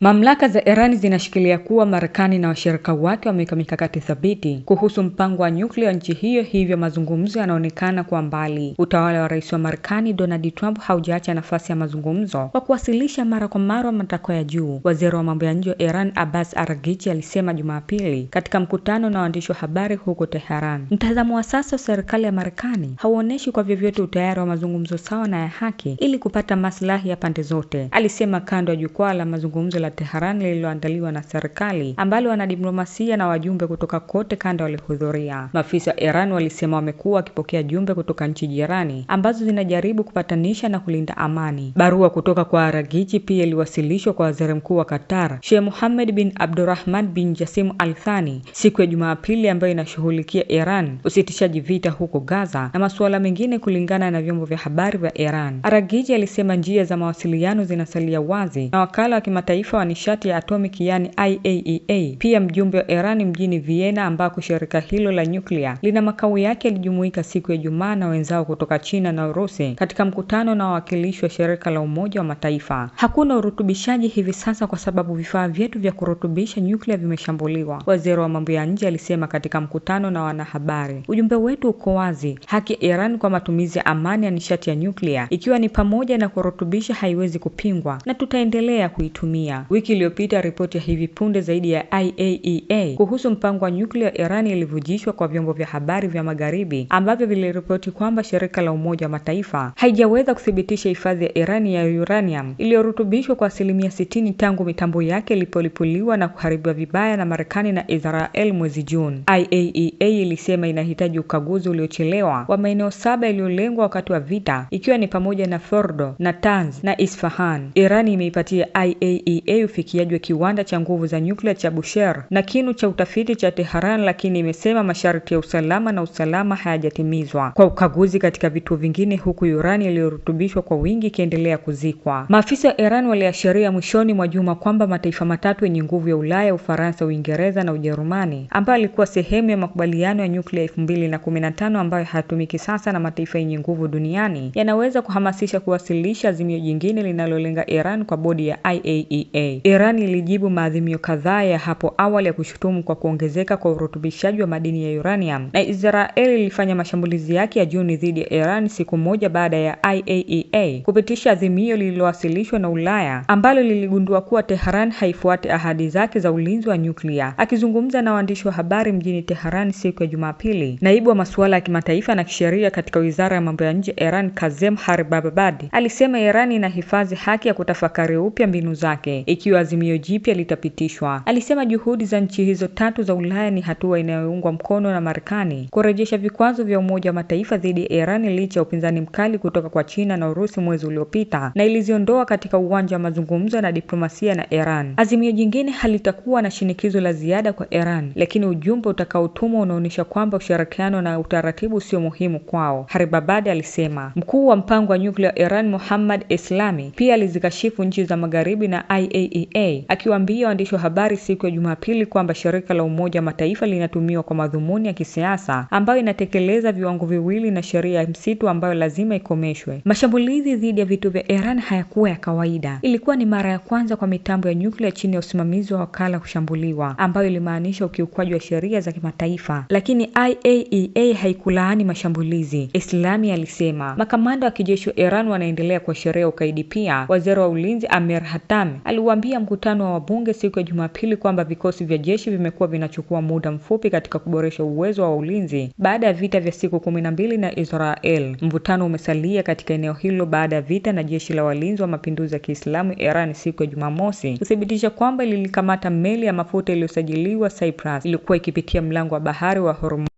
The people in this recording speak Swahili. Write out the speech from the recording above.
Mamlaka za Iran zinashikilia kuwa Marekani na washirika wake wameweka mikakati thabiti kuhusu mpango wa nyuklia wa nchi hiyo, hivyo mazungumzo yanaonekana kwa mbali. Utawala wa Rais wa Marekani Donald Trump haujaacha nafasi ya mazungumzo kwa kuwasilisha mara kwa mara matakwa ya juu. Waziri wa mambo ya nje wa Iran Abbas Araghchi alisema Jumapili katika mkutano na waandishi wa habari huko Tehran, mtazamo wa sasa wa serikali ya Marekani hauoneshi kwa vyovyote utayari wa mazungumzo sawa na ya haki ili kupata maslahi ya pande zote, alisema kando ya jukwaa la mazungumzo la Teheran lililoandaliwa na serikali ambalo wanadiplomasia na wajumbe kutoka kote kanda walihudhuria. Maafisa wa Iran walisema wamekuwa wakipokea jumbe kutoka nchi jirani ambazo zinajaribu kupatanisha na kulinda amani. Barua kutoka kwa aragiji pia iliwasilishwa kwa waziri mkuu wa Qatar, Sheikh Mohammed bin Abdurrahman bin Jassim Al Thani siku ya Jumapili, ambayo inashughulikia Iran, usitishaji vita huko Gaza na masuala mengine, kulingana na vyombo vya habari vya Iran. aragiji alisema njia za mawasiliano zinasalia wazi na wakala wa kimataifa wa nishati ya atomiki yani IAEA, e pia mjumbe wa Irani mjini Vienna ambako shirika hilo la nyuklia lina makao yake alijumuika siku ya Ijumaa na wenzao kutoka China na Urusi katika mkutano na wawakilishi wa shirika la Umoja wa Mataifa. Hakuna urutubishaji hivi sasa kwa sababu vifaa vyetu vya kurutubisha nyuklia vimeshambuliwa, waziri wa mambo ya nje alisema katika mkutano na wanahabari. Ujumbe wetu uko wazi, haki ya Iran kwa matumizi ya amani ya nishati ya nyuklia ikiwa ni pamoja na kurutubisha haiwezi kupingwa na tutaendelea kuitumia. Wiki iliyopita ripoti ya hivi punde zaidi ya IAEA e kuhusu mpango wa nyuklia Irani ilivujishwa kwa vyombo vya habari vya magharibi ambavyo viliripoti kwamba shirika la Umoja wa Mataifa haijaweza kuthibitisha hifadhi ya Irani ya uranium iliyorutubishwa kwa asilimia sitini tangu mitambo yake ilipolipuliwa na kuharibiwa vibaya na Marekani na Israel mwezi Juni. IAEA e ilisema inahitaji ukaguzi uliochelewa wa maeneo saba yaliyolengwa wakati wa vita ikiwa ni pamoja na Fordo, Natanz na Isfahan. Irani imeipatia IAEA e ufikiaji wa kiwanda cha nguvu za nyuklia cha Bushehr na kinu cha utafiti cha Tehran, lakini imesema masharti ya usalama na usalama hayajatimizwa kwa ukaguzi katika vituo vingine, huku urani iliyorutubishwa kwa wingi ikiendelea kuzikwa. Maafisa wa Iran waliashiria mwishoni mwa juma kwamba mataifa matatu yenye nguvu ya Ulaya, Ufaransa, Uingereza na Ujerumani, ambayo alikuwa sehemu ya makubaliano ya nyuklia 2015 ambayo hayatumiki sasa na mataifa yenye nguvu duniani, yanaweza kuhamasisha kuwasilisha azimio jingine linalolenga Iran kwa bodi ya IAEA. E Mei. Iran ilijibu maadhimio kadhaa ya hapo awali ya kushutumu kwa kuongezeka kwa urutubishaji wa madini ya uranium, na Israel ilifanya mashambulizi yake ya Juni dhidi ya Iran siku moja baada ya IAEA e kupitisha adhimio lililowasilishwa na Ulaya ambalo liligundua kuwa Tehran haifuati ahadi zake za ulinzi wa nyuklia. Akizungumza na waandishi wa habari mjini Tehran siku ya Jumapili, naibu wa masuala ya kimataifa na kisheria katika Wizara ya Mambo ya Nje Iran Kazem Haribababadi alisema Iran inahifadhi haki ya kutafakari upya mbinu zake ikiwa azimio jipya litapitishwa. Alisema juhudi za nchi hizo tatu za Ulaya ni hatua inayoungwa mkono na Marekani kurejesha vikwazo vya Umoja wa Mataifa dhidi ya Iran licha ya upinzani mkali kutoka kwa China na Urusi mwezi uliopita, na iliziondoa katika uwanja wa mazungumzo na diplomasia na Iran. Azimio jingine halitakuwa na shinikizo la ziada kwa Iran, lakini ujumbe utakaotumwa unaonyesha kwamba ushirikiano na utaratibu sio muhimu kwao, Haribabadi alisema. Mkuu wa mpango wa nyuklia Iran Muhammad Islami pia alizikashifu nchi za Magharibi na IA CEA akiwaambia waandishi wa habari siku ya Jumapili kwamba shirika la Umoja Mataifa linatumiwa kwa madhumuni ya kisiasa ambayo inatekeleza viwango viwili na sheria ya msitu ambayo lazima ikomeshwe. Mashambulizi dhidi ya vituo vya Iran hayakuwa ya kawaida. Ilikuwa ni mara ya kwanza kwa mitambo ya nyuklia chini ya usimamizi wa wakala kushambuliwa, ambayo ilimaanisha ukiukwaji wa sheria za kimataifa, lakini IAEA e haikulaani mashambulizi, Islami alisema. Makamanda wa kijeshi wa Iran wanaendelea kuashiria ukaidi pia. Waziri wa ulinzi Amir Hatami aliwa aliuambia mkutano wa wabunge siku ya Jumapili kwamba vikosi vya jeshi vimekuwa vinachukua muda mfupi katika kuboresha uwezo wa ulinzi baada ya vita vya siku kumi na mbili na Israel. Mvutano umesalia katika eneo hilo baada ya vita na jeshi la walinzi wa mapinduzi ya Kiislamu Iran siku ya Jumamosi kuthibitisha kwamba lilikamata meli ya mafuta iliyosajiliwa Cyprus ilikuwa ikipitia mlango wa bahari wa Hormuz.